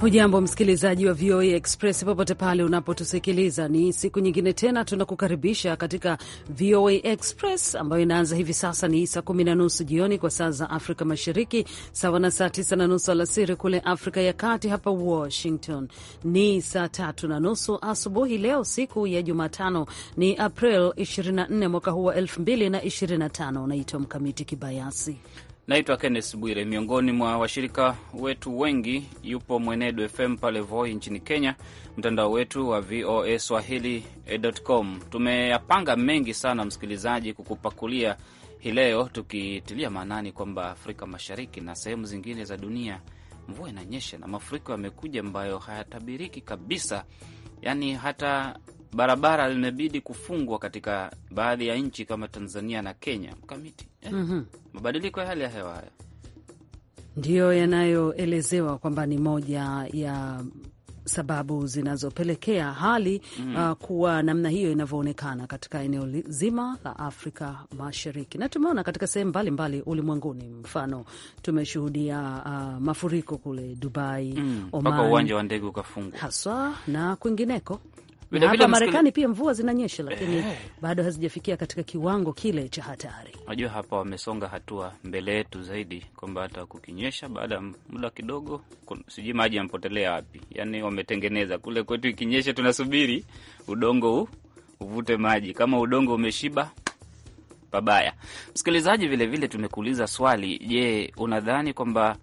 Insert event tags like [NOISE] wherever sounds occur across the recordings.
Hujambo msikilizaji wa VOA Express popote pale unapotusikiliza, ni siku nyingine tena tunakukaribisha katika VOA Express ambayo inaanza hivi sasa. Ni saa kumi na nusu jioni kwa saa za Afrika Mashariki, sawa na saa tisa na nusu alasiri kule Afrika ya Kati. Hapa Washington ni saa tatu na nusu asubuhi. Leo siku ya Jumatano ni April 24 mwaka huu wa 2025. Unaitwa Mkamiti Kibayasi Naitwa Kenneth Bwire. Miongoni mwa washirika wetu wengi yupo Mwenedu FM pale Voi nchini Kenya, mtandao wetu wa VOA Swahili.com. Tumeyapanga mengi sana, msikilizaji, kukupakulia hii leo, tukitilia maanani kwamba Afrika Mashariki na sehemu zingine za dunia mvua inanyesha na mafuriko yamekuja ambayo hayatabiriki kabisa, yaani hata barabara limebidi kufungwa katika baadhi ya nchi kama Tanzania na Kenya. Mkamiti mm -hmm. mabadiliko ya hali ya hewa hayo ndiyo yanayoelezewa kwamba ni moja ya sababu zinazopelekea hali mm, uh, kuwa namna hiyo inavyoonekana katika eneo zima la Afrika Mashariki, na tumeona katika sehemu mbalimbali ulimwenguni. Mfano, tumeshuhudia uh, mafuriko kule Dubai, mm, Oman, uwanja wa ndege ukafungwa haswa na kwingineko hapa Marekani pia mvua zinanyesha, lakini eh, bado hazijafikia katika kiwango kile cha hatari. Unajua, hapa wamesonga hatua mbele yetu zaidi, kwamba hata kukinyesha baada ya muda kidogo, sijui maji yampotelea wapi. Yani wametengeneza kule kwetu, ikinyesha tunasubiri udongo huu uvute maji, kama udongo umeshiba pabaya Msikilizaji, vilevile tumekuuliza swali, je, unadhani kwamba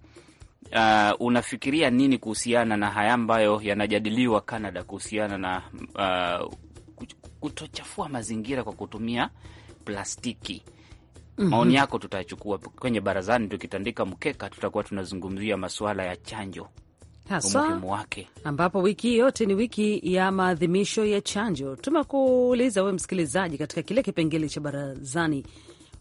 uh, unafikiria nini kuhusiana na haya ambayo yanajadiliwa Canada kuhusiana na uh, kutochafua mazingira kwa kutumia plastiki? Mm -hmm. Maoni yako tutachukua kwenye barazani, tukitandika mkeka tutakuwa tunazungumzia masuala ya chanjo umuhimu wake ambapo wiki yote ni wiki ya maadhimisho ya chanjo. Tumekuuliza we msikilizaji, katika kile kipengele cha barazani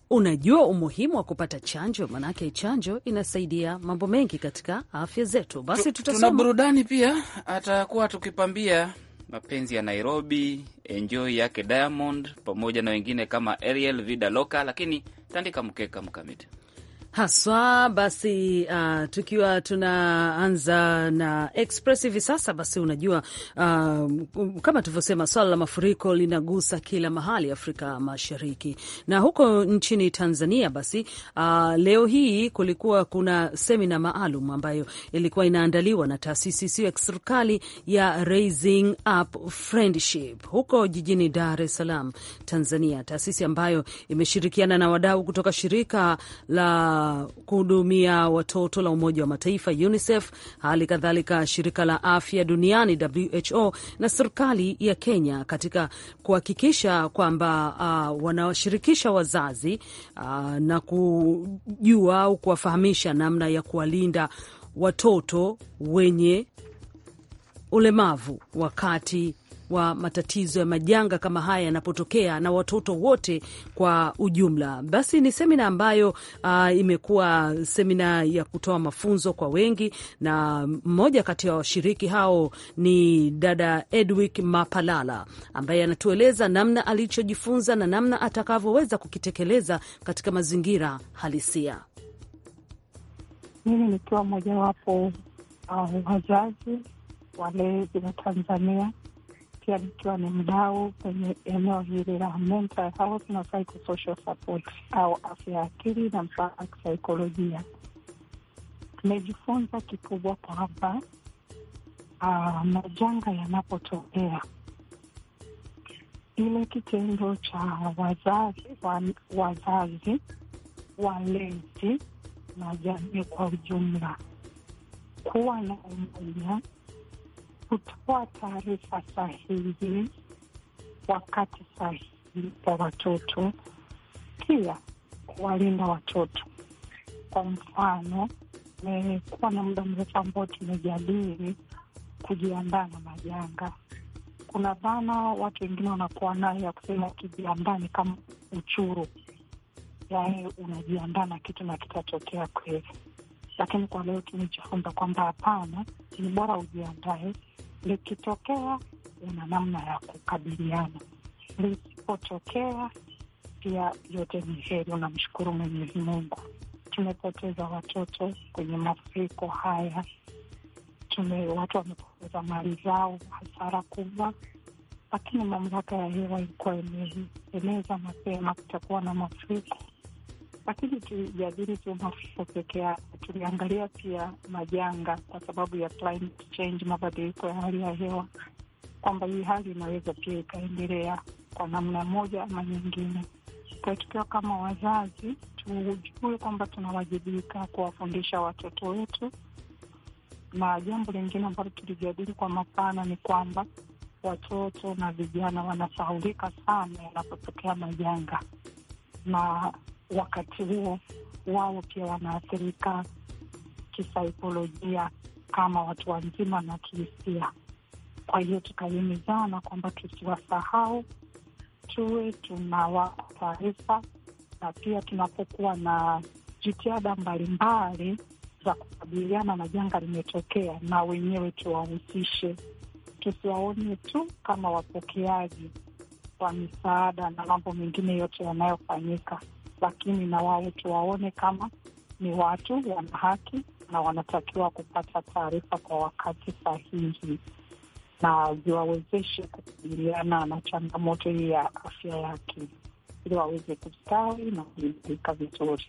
Unajua umuhimu wa kupata chanjo, maanake chanjo inasaidia mambo mengi katika afya zetu. Basi tutasoma. Tuna burudani pia, atakuwa tukipambia mapenzi ya Nairobi, enjoy yake Diamond pamoja na wengine kama Ariel Vida Loca, lakini tandika mkeka mkamiti haswa basi. Uh, tukiwa tunaanza na Express hivi sasa, basi unajua, uh, kama tulivyosema, swala la mafuriko linagusa kila mahali Afrika Mashariki na huko nchini Tanzania. Basi uh, leo hii kulikuwa kuna semina maalum ambayo ilikuwa inaandaliwa na taasisi isiyo ya kiserikali ya Raising Up Friendship huko jijini Dar es Salaam, Tanzania, taasisi ambayo imeshirikiana na wadau kutoka shirika la kuhudumia watoto la Umoja wa Mataifa UNICEF, hali kadhalika shirika la afya duniani WHO na serikali ya Kenya katika kuhakikisha kwamba uh, wanawashirikisha wazazi uh, na kujua au kuwafahamisha namna ya kuwalinda watoto wenye ulemavu wakati wa matatizo ya majanga kama haya yanapotokea na watoto wote kwa ujumla. Basi ni semina ambayo uh, imekuwa semina ya kutoa mafunzo kwa wengi, na mmoja kati ya wa washiriki hao ni dada Edwik Mapalala ambaye anatueleza namna alichojifunza na namna atakavyoweza kukitekeleza katika mazingira halisia. Mimi nikiwa mmojawapo uh, wazazi walezi wa Tanzania pia nikiwa ni mdau kwenye eneo hili la mental health na psychosocial support au afya ya akili na mpaka wa kisaikolojia. Tumejifunza kikubwa kwamba ah, majanga yanapotokea, ile kitendo cha wazazi wa, wazazi walezi na jamii kwa ujumla kuwa na umoja kutoa taarifa sahihi wakati sahihi kwa watoto, pia kuwalinda watoto. Kwa mfano, imekuwa na muda mrefu ambao tumejadili kujiandaa na majanga. Kuna dhana watu wengine wanakuwa nayo ya kusema ukijiandaa ni kama uchuru, yaani unajiandaa na kitu na kitatokea kweli, lakini kwa leo tumejifunza kwamba hapana, ni bora ujiandae Likitokea una namna ya kukabiliana, lisipotokea pia yote ni heri. Unamshukuru Mwenyezi Mungu. Tumepoteza watoto kwenye mafuriko haya, tume watu wamepoteza mali zao, hasara kubwa, lakini mamlaka ya hewa ilikuwa imeeneza mapema kutakuwa na mafuriko lakini tuijadili tu mafuriko peke yake, tuliangalia pia majanga kwa sababu ya climate change, mabadiliko ya hali ya hewa, kwamba hii hali inaweza pia ikaendelea kwa namna moja ama nyingine. Kwa tukiwa kama wazazi, tujue kwamba tunawajibika kuwafundisha watoto wetu, na jambo lingine ambalo tulijadili kwa mapana ni kwamba watoto na vijana wanasahulika sana yanapotokea majanga na wakati huo wao pia wanaathirika kisaikolojia kama watu wazima na kihisia. Kwa hiyo tukahimizana kwamba tusiwasahau, tuwe tunawapa taarifa, na pia tunapokuwa na jitihada mbalimbali za kukabiliana na janga limetokea, na wenyewe tuwahusishe, tusiwaone tu kama wapokeaji wa misaada na mambo mengine yote yanayofanyika lakini na wao tuwaone kama ni watu wana haki na wanatakiwa kupata taarifa kwa wakati sahihi na ziwawezeshe kukabiliana na changamoto hii ya afya yake ili waweze kustawi na kuimarika vizuri.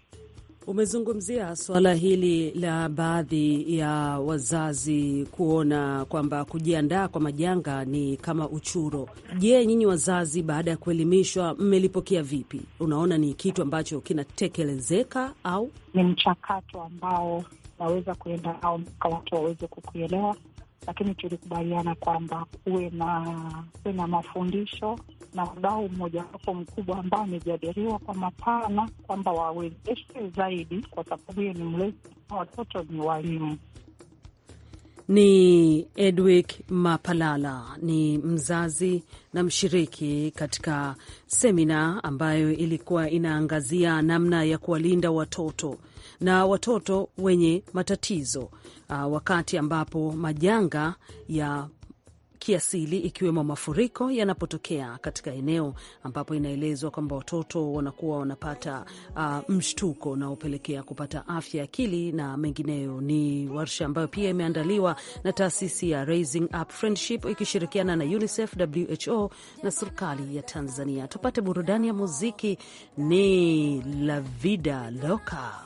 Umezungumzia suala hili la baadhi ya wazazi kuona kwamba kujiandaa kwa majanga ni kama uchuro. Je, nyinyi wazazi baada ya kuelimishwa mmelipokea vipi? Unaona ni kitu ambacho kinatekelezeka au ni mchakato ambao naweza kuenda nao mpaka watu waweze kukuelewa lakini tulikubaliana kwamba kuwe na na mafundisho na udao mmojawapo mkubwa ambao amejadiliwa kwa mapana kwamba wawezeshe zaidi, kwa sababu hiyo ni mlezi na watoto ni walimu. Ni Edwick Mapalala, ni mzazi na mshiriki katika semina ambayo ilikuwa inaangazia namna ya kuwalinda watoto na watoto wenye matatizo uh, wakati ambapo majanga ya kiasili ikiwemo mafuriko yanapotokea katika eneo ambapo inaelezwa kwamba watoto wanakuwa wanapata uh, mshtuko unaopelekea kupata afya akili na mengineyo. Ni warsha ambayo pia imeandaliwa na taasisi ya Raising Up Friendship ikishirikiana na UNICEF, WHO na serikali ya Tanzania. Tupate burudani ya muziki, ni La Vida Loca.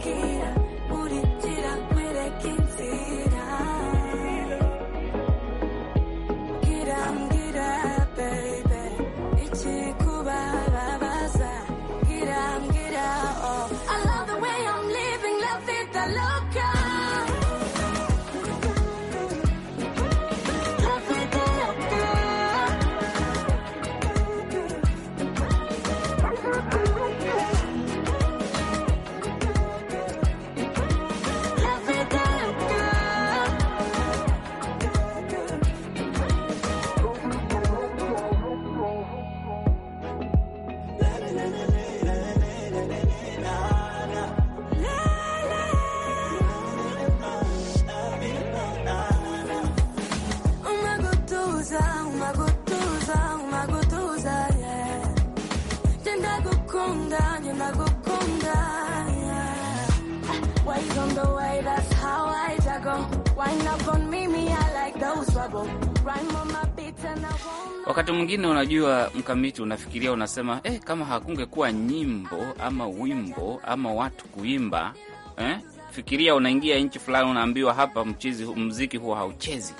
Eyes on the way, that's how I juggle. Wind up on me, me, I like those trouble. Rhyme on my beat and I won't... Wakati mwingine unajua mkamiti, unafikiria unasema, eh, kama hakungekuwa nyimbo ama wimbo ama watu kuimba eh? Fikiria unaingia nchi fulani, unaambiwa hapa mchizi, mziki huwa hauchezi,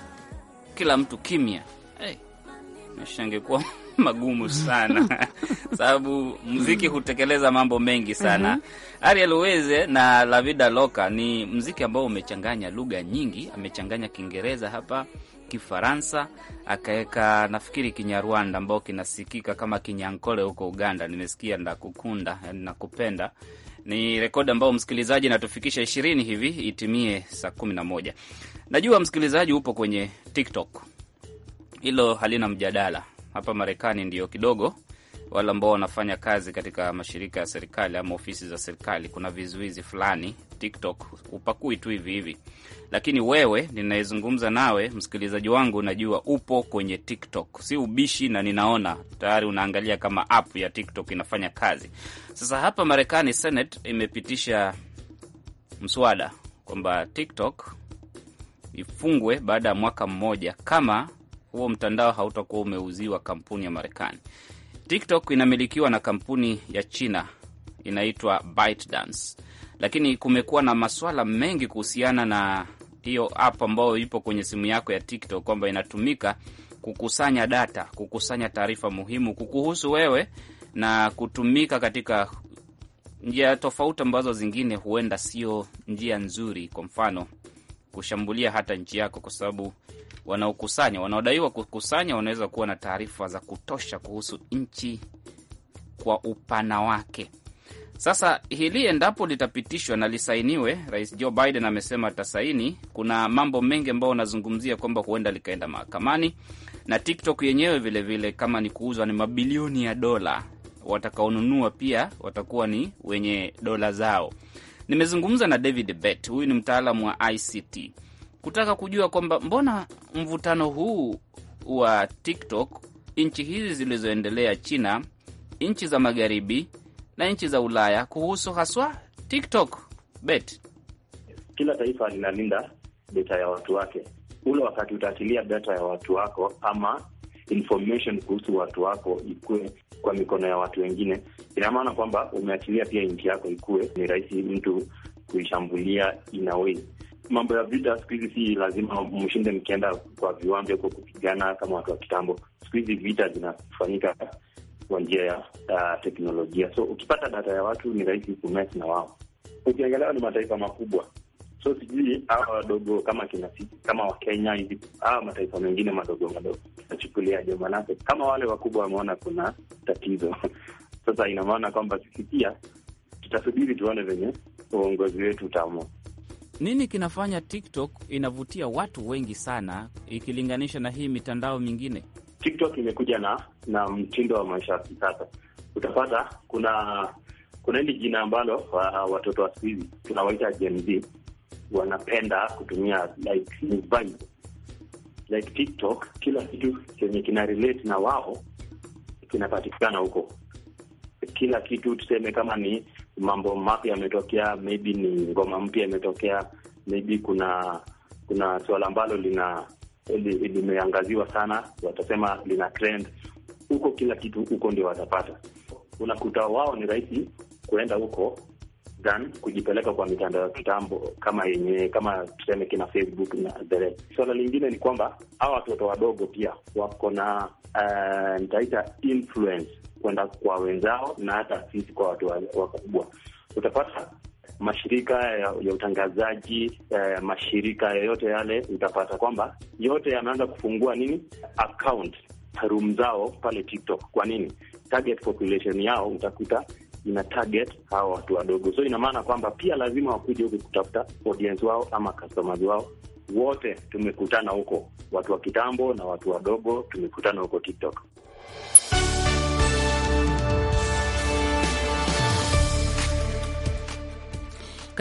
kila mtu kimya. Eh, maisha angekuwa [LAUGHS] magumu sana [LAUGHS] sababu mziki mm. hutekeleza mambo mengi sana uh mm-hmm. -huh. Ariel Uweze na La Vida Loca ni mziki ambao umechanganya lugha nyingi, amechanganya Kiingereza hapa Kifaransa akaweka nafikiri Kinyarwanda ambao kinasikika kama Kinyankole huko Uganda. Nimesikia ndakukunda, yani nakupenda. Ni rekodi ambayo msikilizaji, natufikisha ishirini hivi itimie saa kumi na moja. Najua msikilizaji upo kwenye TikTok, hilo halina mjadala hapa Marekani ndio kidogo wale ambao wanafanya kazi katika mashirika ya serikali ama ofisi za serikali, kuna vizuizi fulani. TikTok upakui tu hivi hivi, lakini wewe ninayezungumza nawe, msikilizaji wangu, najua upo kwenye TikTok, si ubishi, na ninaona tayari unaangalia kama app ya TikTok inafanya kazi. Sasa hapa Marekani, Senate imepitisha mswada kwamba TikTok ifungwe baada ya mwaka mmoja kama huo mtandao hautakuwa umeuziwa kampuni ya Marekani. TikTok inamilikiwa na kampuni ya China inaitwa ByteDance, lakini kumekuwa na maswala mengi kuhusiana na hiyo app ambayo ipo kwenye simu yako ya TikTok kwamba inatumika kukusanya data, kukusanya taarifa muhimu kukuhusu wewe na kutumika katika njia tofauti ambazo zingine huenda sio njia nzuri, kwa mfano kushambulia hata nchi yako, kwa sababu wanaokusanya wanaodaiwa kukusanya wanaweza kuwa na taarifa za kutosha kuhusu nchi kwa upana wake. Sasa hili endapo litapitishwa na lisainiwe, Rais Joe Biden amesema atasaini. Kuna mambo mengi ambayo anazungumzia kwamba huenda likaenda mahakamani, na TikTok yenyewe vilevile vile, kama ni kuuzwa ni mabilioni ya dola. Watakaonunua pia watakuwa ni wenye dola zao. Nimezungumza na David Bet, huyu ni mtaalamu wa ICT kutaka kujua kwamba mbona mvutano huu wa TikTok nchi hizi zilizoendelea, China, nchi za magharibi na nchi za Ulaya, kuhusu haswa TikTok bet. Kila taifa linalinda data ya watu wake. Ule wakati utaachilia data ya watu wako ama information kuhusu watu wako ikuwe kwa mikono ya watu wengine, ina maana kwamba umeachilia pia nchi yako ikuwe, ni rahisi mtu kuishambulia inawei mambo ya vita siku hizi si lazima mshinde mkienda kwa viwanja huko kupigana kama watu wa kitambo. Siku hizi vita zinafanyika kwa njia ya uh, teknolojia, so ukipata data ya watu ni rahisi kumesi na wao. Ukiangalia ni mataifa makubwa, so sijui hawa wadogo kama kina sisi kama Wakenya hivi, hawa mataifa mengine madogo madogo nachukulia je, manake kama wale wakubwa wameona kuna tatizo [LAUGHS] sasa ina maana kwamba sisi pia tutasubiri tuone venye uongozi wetu utaamua. Nini kinafanya TikTok inavutia watu wengi sana ikilinganisha na hii mitandao mingine? TikTok imekuja na na mtindo wa maisha ya kisasa. Utapata kuna kuna hili jina ambalo uh, watoto wa siku hizi tunawaita Gen Z wanapenda kutumia like, ni vibe like TikTok, kila kitu chenye kina relate na wao kinapatikana huko, kila kitu tuseme, kama ni mambo mapya yametokea, maybe ni ngoma mpya imetokea, maybe kuna kuna suala ambalo lina limeangaziwa sana, watasema lina trend huko, kila kitu huko ndio watapata. Unakuta wao ni rahisi kuenda huko than kujipeleka kwa mitandao ya kitambo kama yenye kama tuseme kina Facebook na the. Swala lingine ni kwamba hawa watoto wadogo pia wako na uh, nitaita influence kwenda kwa wenzao na hata sisi kwa watu wakubwa. Utapata mashirika ya, ya utangazaji eh, mashirika yoyote ya yale, utapata kwamba yote yameanza kufungua nini account room zao pale TikTok. Kwa nini? Target population yao utakuta ina target hawa watu wadogo, so ina maana kwamba pia lazima wakuje huku kutafuta audience wao ama customers wao. Wote tumekutana huko, watu wa kitambo na watu wadogo, tumekutana huko TikTok.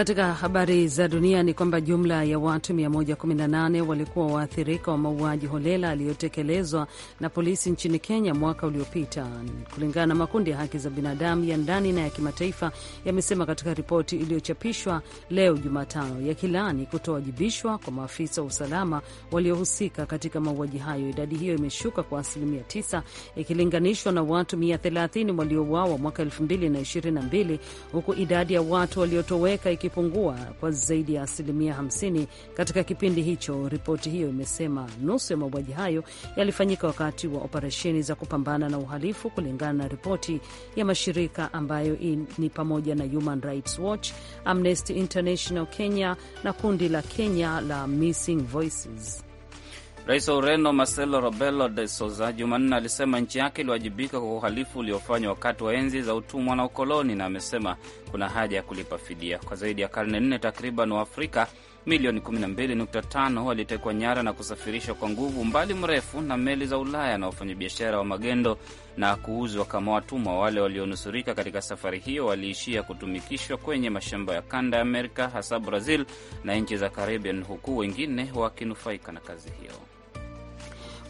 Katika habari za dunia ni kwamba jumla ya watu 118 walikuwa waathirika wa mauaji holela aliyotekelezwa na polisi nchini Kenya mwaka uliopita, kulingana na makundi ya haki za binadamu ya ndani na ya kimataifa yamesema katika ripoti iliyochapishwa leo Jumatano, yakilani kutowajibishwa kwa maafisa wa usalama waliohusika katika mauaji hayo. Idadi hiyo imeshuka kwa asilimia 9 ikilinganishwa na watu 130 waliouawa mwaka 2022 huku idadi ya watu waliotoweka ilipungua kwa zaidi ya asilimia 50 katika kipindi hicho, ripoti hiyo imesema. Nusu ya mauaji hayo yalifanyika wakati wa operesheni za kupambana na uhalifu, kulingana na ripoti ya mashirika ambayo ni pamoja na Human Rights Watch, Amnesty International Kenya na kundi la Kenya la Missing Voices. Rais wa Ureno Marcelo robelo de Sousa Jumanne alisema nchi yake iliwajibika kwa uhalifu uliofanywa wakati wa enzi za utumwa na ukoloni, na amesema kuna haja ya kulipa fidia. Kwa zaidi ya karne nne, takriban Waafrika milioni 12.5 walitekwa nyara na kusafirishwa kwa nguvu mbali mrefu na meli za Ulaya na wafanyabiashara wa magendo na kuuzwa kama watumwa. Wale walionusurika katika safari hiyo waliishia kutumikishwa kwenye mashamba ya kanda ya Amerika, hasa Brazil na nchi za Caribbean, huku wengine wakinufaika na kazi hiyo.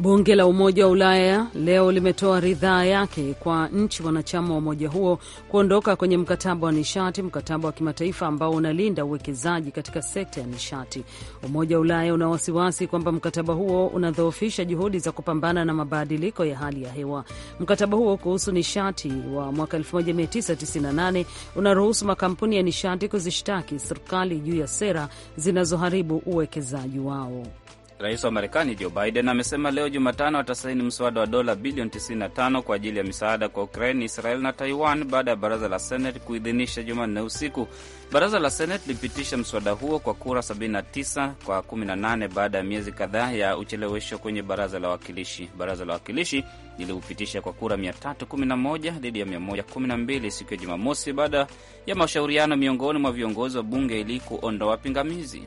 Bunge la Umoja wa Ulaya leo limetoa ridhaa yake kwa nchi wanachama wa umoja huo kuondoka kwenye mkataba wa nishati, mkataba wa kimataifa ambao unalinda uwekezaji katika sekta ya nishati. Umoja wa Ulaya una wasiwasi kwamba mkataba huo unadhoofisha juhudi za kupambana na mabadiliko ya hali ya hewa. Mkataba huo kuhusu nishati wa mwaka 1998 unaruhusu makampuni ya nishati kuzishtaki serikali juu ya sera zinazoharibu uwekezaji wao. Rais wa Marekani Joe Biden amesema leo Jumatano atasaini mswada wa dola bilioni 95 kwa ajili ya misaada kwa Ukraine, Israel na Taiwan baada ya baraza la Senate kuidhinisha Jumanne usiku. Baraza la Senate lilipitisha mswada huo kwa kura 79 kwa 18 baada ya miezi kadhaa ya uchelewesho kwenye baraza la wawakilishi. Baraza la wawakilishi liliupitisha kwa kura 311 dhidi ya 112 siku ya Jumamosi baada ya mashauriano miongoni mwa viongozi wa bunge ili kuondoa pingamizi.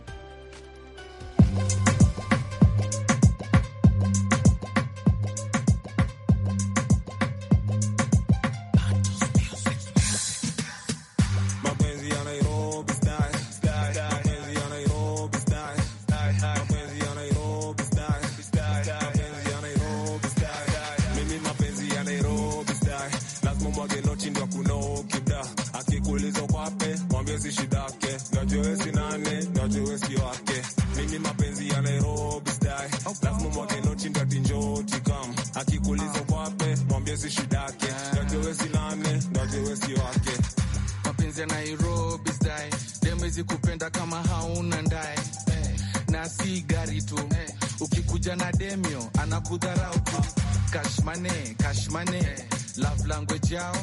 nane najue sio wake mimi mapenzi ya Nairobi stai lafu mwake nochi ndati njoti kam akikuliza kwape mwambie si shidake najue si nane najue sio wake mapenzi ya Nairobi stai demezi kupenda kama hauna ndae na si gari tu ukikuja na demio anakudharau tu kashmane kashmane love language yao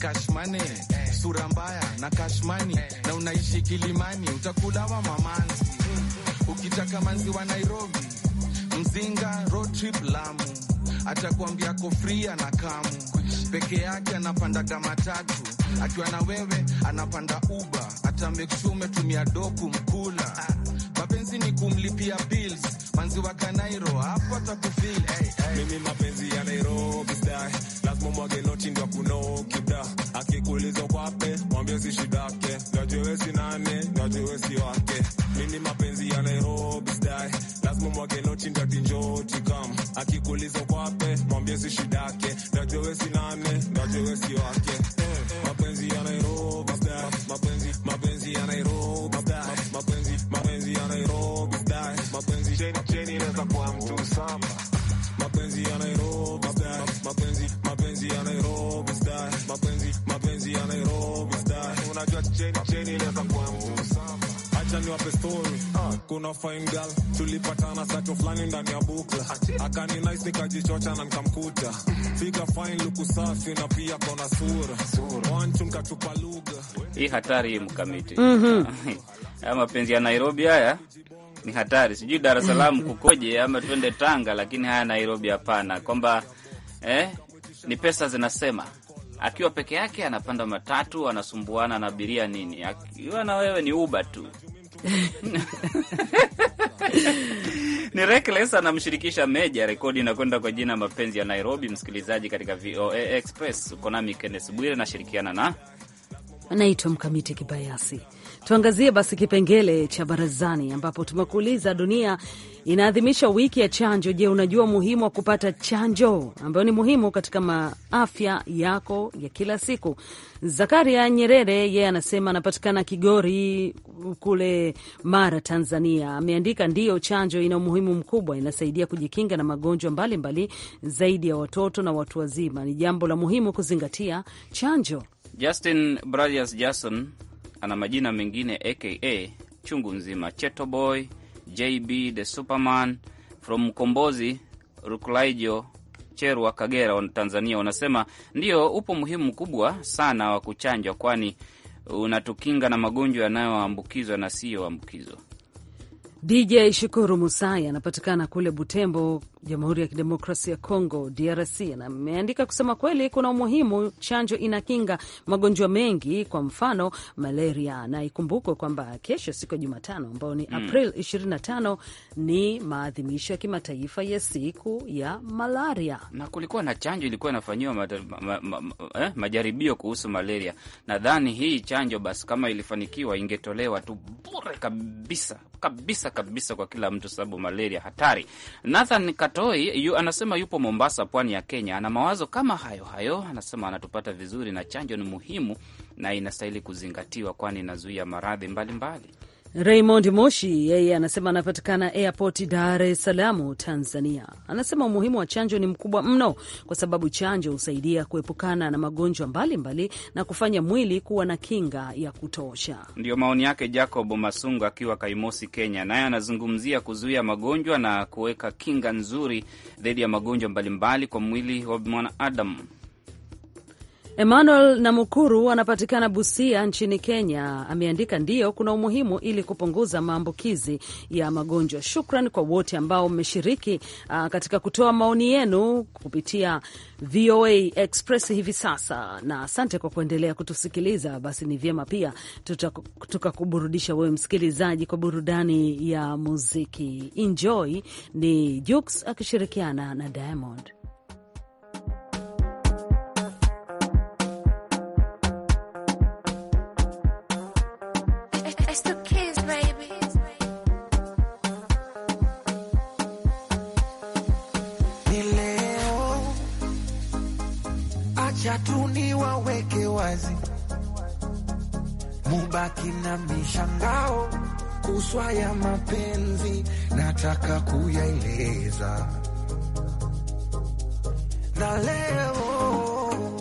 cash money, eh, sura mbaya na cash money, na unaishi Kilimani utakulawa mamanzi ukitaka manzi wa Nairobi, Mzinga road trip Lamu atakuambia ko free na kamu peke yake anapanda gamatatu akiwa na wewe anapanda uba ata make sure umetumia doku mkula mapenzi ni kumlipia bills, manzi wa kanairo hapo atakufil. Hey, hey. Mimi mapenzi ya Nairobi style, lazima mwage noti ndio kuno kida, akikuuliza kwape mwambie si shida na fine girl tulipatana sato fulani ndani ya bukla, akani nice nikajichocha na nikamkuta fika fine, luku safi na pia kona sura wanchu nikatupa lugha hii hatari hii mkamiti mm -hmm. [LAUGHS] mapenzi ya Nairobi haya ni hatari, sijui Dar es Salaam mhm. kukoje, ama twende Tanga, lakini haya Nairobi hapana, kwamba eh, ni pesa zinasema akiwa peke yake anapanda matatu, anasumbuana na abiria nini, akiwa na wewe ni uba tu [LAUGHS] ni Reckless anamshirikisha Meja. Rekodi inakwenda kwa jina Mapenzi ya Nairobi. Msikilizaji katika VOA Express uko nami Kennes Bwire, nashirikiana na anaitwa Mkamiti Kibayasi. Tuangazie basi kipengele cha barazani, ambapo tumekuuliza dunia inaadhimisha wiki ya chanjo. Je, unajua umuhimu wa kupata chanjo ambayo ni muhimu katika maafya yako ya kila siku? Zakaria Nyerere yeye anasema anapatikana Kigori kule Mara, Tanzania. Ameandika, ndiyo, chanjo ina umuhimu mkubwa, inasaidia kujikinga na magonjwa mbalimbali zaidi ya watoto na watu wazima. Ni jambo la muhimu kuzingatia chanjo. Justin Bradius Jason ana majina mengine aka chungu nzima: Cheto Boy, JB the Superman from Mkombozi, Rukulaijo, Cherwa, Kagera, Tanzania. Wanasema ndio upo muhimu mkubwa sana wa kuchanjwa, kwani unatukinga na magonjwa yanayoambukizwa na siyoambukizwa. DJ Shukuru Musai anapatikana kule Butembo Jamhuri ya Kidemokrasia ya Kongo, DRC, na ameandika kusema kweli kuna umuhimu, chanjo inakinga magonjwa mengi, kwa mfano malaria, na ikumbukwe kwamba kesho, siku ya Jumatano ambayo ni mm. April 25 ni maadhimisho ya kimataifa ya siku ya malaria, na kulikuwa na chanjo ilikuwa inafanyiwa ma, ma, ma, ma, eh, majaribio kuhusu malaria. Nadhani hii chanjo basi, kama ilifanikiwa, ingetolewa tu bure kabisa kabisa kabisa kwa kila mtu, sababu malaria hatari Nathan Katoi yu, anasema yupo Mombasa, pwani ya Kenya. Ana mawazo kama hayo hayo, anasema anatupata vizuri, na chanjo ni muhimu na inastahili kuzingatiwa, kwani inazuia maradhi mbalimbali. Raymond Moshi yeye anasema anapatikana airport Dar es Salaam, Tanzania. Anasema umuhimu wa chanjo ni mkubwa mno, kwa sababu chanjo husaidia kuepukana na magonjwa mbalimbali na kufanya mwili kuwa na kinga ya kutosha. Ndiyo maoni yake Jacob Masungu akiwa Kaimosi, Kenya. Naye anazungumzia kuzuia magonjwa na kuweka kinga nzuri dhidi ya magonjwa mbalimbali kwa mwili wa mwanaadamu. Emmanuel Namukuru anapatikana Busia nchini Kenya, ameandika ndiyo, kuna umuhimu ili kupunguza maambukizi ya magonjwa. Shukran kwa wote ambao mmeshiriki ah, katika kutoa maoni yenu kupitia VOA Express hivi sasa, na asante kwa kuendelea kutusikiliza. Basi ni vyema pia tukakuburudisha wewe msikilizaji kwa burudani ya muziki. Enjoy ni Jux akishirikiana na Diamond. Ni leo, acha tu wazi, mubaki na mishangao kuswa ya mapenzi, nataka kuyaeleza na leo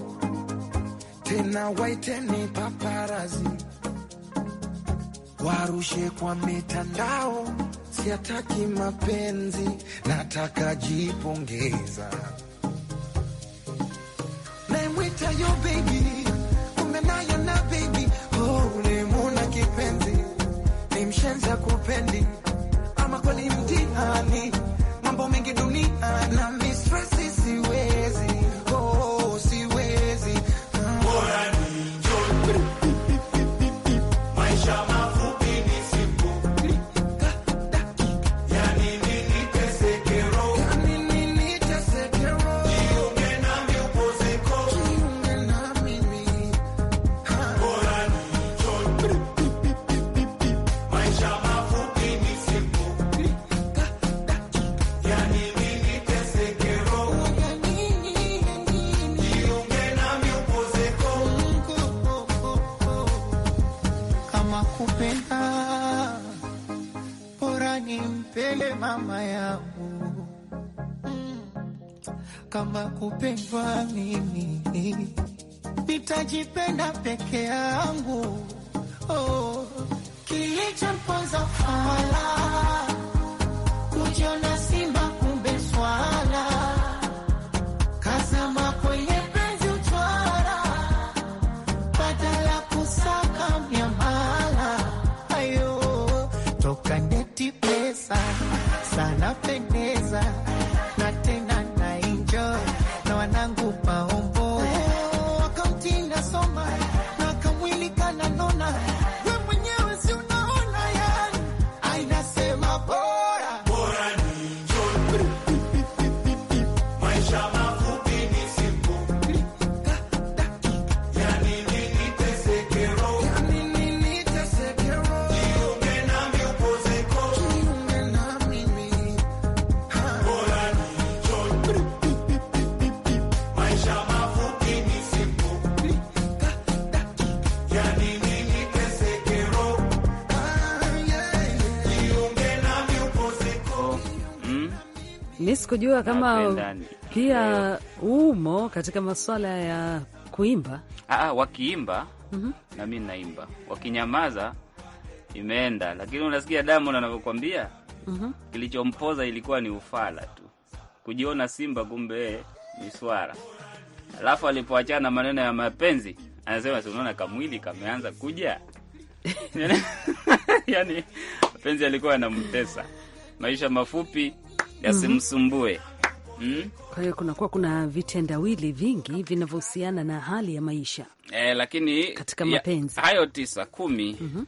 tena waiteni paparazi warushe kwa mitandao. Siataki mapenzi, nataka jipongeza. Naimwita yo bebi, kumbe na baby oh, nimuna kipenzi, ni mshenza kupendi, ama kweli mtihani, mambo mengi dunia na perfect mi sikujua kama pia umo katika masuala ya kuimba. Aa, ah, ah, wakiimba mm -hmm. na mi naimba, wakinyamaza imeenda, lakini unasikia Diamond anavyokwambia mm -hmm. kilichompoza ilikuwa ni ufala tu, kujiona simba kumbe ni swara. Alafu alipoachana maneno ya mapenzi anasema si unaona kamwili kameanza kuja [LAUGHS] [LAUGHS] yani mapenzi alikuwa yanamtesa maisha mafupi yasimsumbue. Mm. Kwa hiyo kunakuwa kuna vitendawili vingi vinavyohusiana na hali ya maisha e, lakini katika mapenzi hayo tisa kumi, mm -hmm.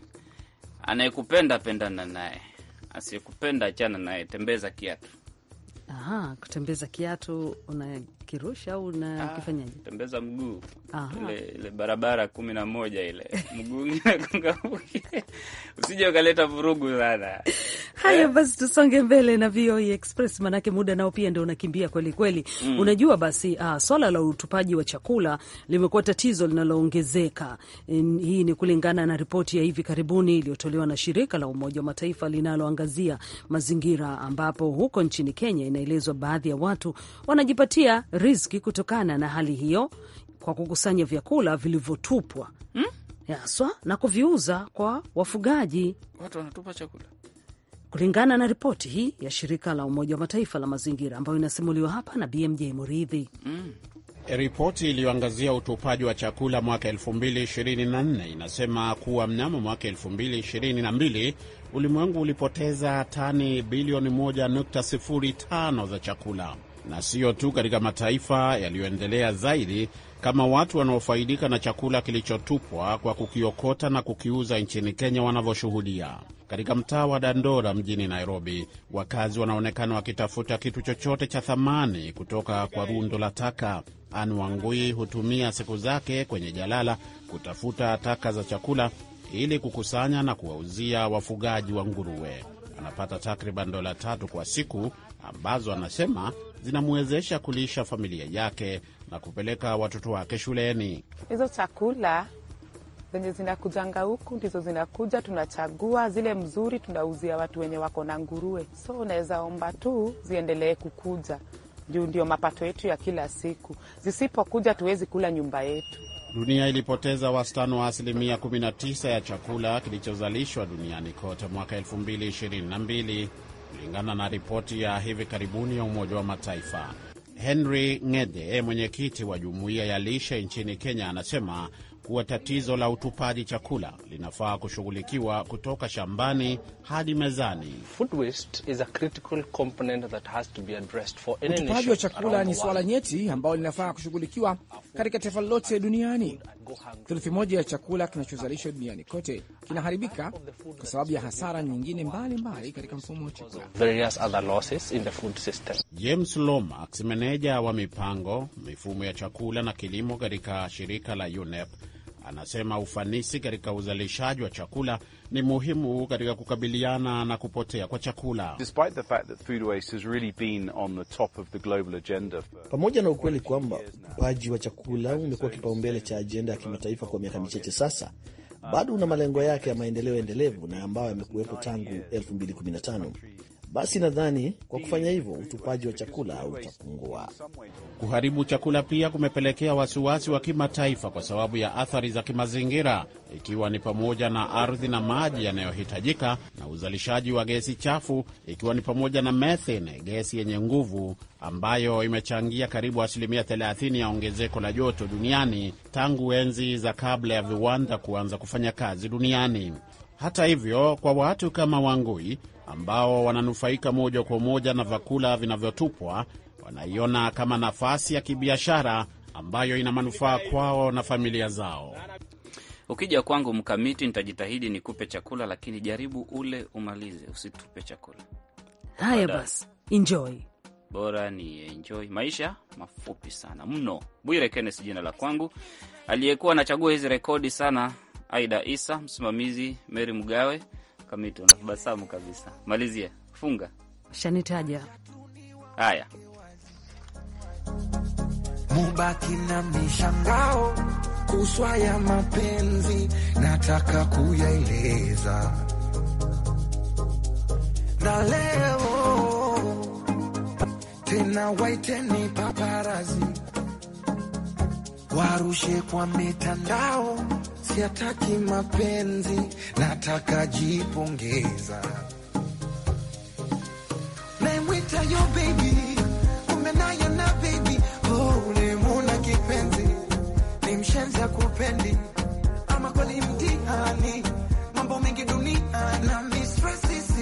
Anayekupenda pendana naye, asiyekupenda achana naye, tembeza kiatu. Aha, kutembeza kiatu una ukirusha au na ah, Tembeza mguu ile, ile barabara kumi na moja ile [LAUGHS] mguu usije ukaleta vurugu sana. Haya eh? basi, tusonge mbele na VOA e Express, maanake muda nao pia ndio unakimbia kweli kweli. Mm. Unajua basi, uh, swala la utupaji wa chakula limekuwa tatizo linaloongezeka. Hii ni kulingana na ripoti ya hivi karibuni iliyotolewa na shirika la Umoja wa Mataifa linaloangazia mazingira, ambapo huko nchini Kenya inaelezwa baadhi ya watu wanajipatia riziki kutokana na hali hiyo kwa kukusanya vyakula vilivyotupwa hmm? haswa na kuviuza kwa wafugaji. Watu wanatupa chakula kulingana na ripoti hii ya shirika la Umoja wa Mataifa la mazingira ambayo inasimuliwa hapa na BMJ Muridhi. Mm. Ripoti iliyoangazia utupaji wa chakula mwaka 2024 inasema kuwa mnamo mwaka 2022 ulimwengu ulipoteza tani bilioni 1.05 za chakula na siyo tu katika mataifa yaliyoendelea zaidi kama watu wanaofaidika na chakula kilichotupwa kwa kukiokota na kukiuza nchini Kenya wanavyoshuhudia. Katika mtaa wa Dandora mjini Nairobi, wakazi wanaonekana wakitafuta kitu chochote cha thamani kutoka kwa rundo la taka. Anne Wangui hutumia siku zake kwenye jalala kutafuta taka za chakula ili kukusanya na kuwauzia wafugaji wa nguruwe. Anapata takriban dola tatu kwa siku ambazo anasema zinamwezesha kulisha familia yake na kupeleka watoto wake shuleni. Hizo chakula zenye zinakujanga huku ndizo zinakuja, tunachagua zile mzuri, tunauzia watu wenye wako na nguruwe. So unaweza omba tu ziendelee kukuja juu ndio mapato yetu ya kila siku. Zisipokuja tuwezi kula nyumba yetu. Dunia ilipoteza wastani wa asilimia 19 ya chakula kilichozalishwa duniani kote mwaka 2022 kulingana na ripoti ya hivi karibuni ya Umoja wa Mataifa. Henry Ng'ede, mwenyekiti wa jumuiya ya lishe nchini Kenya, anasema kuwa tatizo la utupaji chakula linafaa kushughulikiwa kutoka shambani hadi mezani. Utupaji wa chakula ni suala nyeti ambalo linafaa kushughulikiwa katika taifa lolote duniani. Thuluthi moja ya chakula kinachozalishwa duniani kote kinaharibika kwa sababu ya hasara nyingine mbalimbali katika mfumo wa chakula. James Lomax, meneja wa mipango, mifumo ya chakula na kilimo katika shirika la UNEP anasema ufanisi katika uzalishaji wa chakula ni muhimu katika kukabiliana na kupotea kwa chakula. Pamoja na ukweli kwamba upaji wa chakula umekuwa kipaumbele cha ajenda ya kimataifa kwa miaka michache sasa, bado una malengo yake ya maendeleo endelevu na ambayo yamekuwepo tangu 2015. Basi nadhani kwa kufanya hivyo utupaji wa chakula utapungua. Kuharibu chakula pia kumepelekea wasiwasi wa kimataifa kwa sababu ya athari za kimazingira, ikiwa ni pamoja na ardhi na maji yanayohitajika na uzalishaji wa gesi chafu, ikiwa ni pamoja na methane, gesi yenye nguvu ambayo imechangia karibu asilimia 30 ya ongezeko la joto duniani tangu enzi za kabla ya viwanda kuanza kufanya kazi duniani. Hata hivyo, kwa watu kama Wangui ambao wananufaika moja kwa moja na vyakula vinavyotupwa wanaiona kama nafasi ya kibiashara ambayo ina manufaa kwao na familia zao. Ukija kwangu Mkamiti, nitajitahidi nikupe chakula, lakini jaribu ule umalize, usitupe chakula. Haya basi, enjoy. Bora ni enjoy. Maisha mafupi sana mno. Bwire Kennes jina la kwangu, aliyekuwa anachagua hizi rekodi sana, Aida Isa msimamizi, Meri Mgawe Mkamiti, unatabasamu kabisa. Malizia, funga. Shanitaja haya, mubaki na mishangao kuswa ya mapenzi, nataka kuyaeleza na leo tena, waiteni paparazi warushe kwa mitandao siataki mapenzi, nataka jipongeza. Naemwita yo baby, kumbe nayo na baby, oh, ulimuna kipenzi, ni mshenzi akupendi, ama kweli mtihani, mambo mengi dunia na mistresi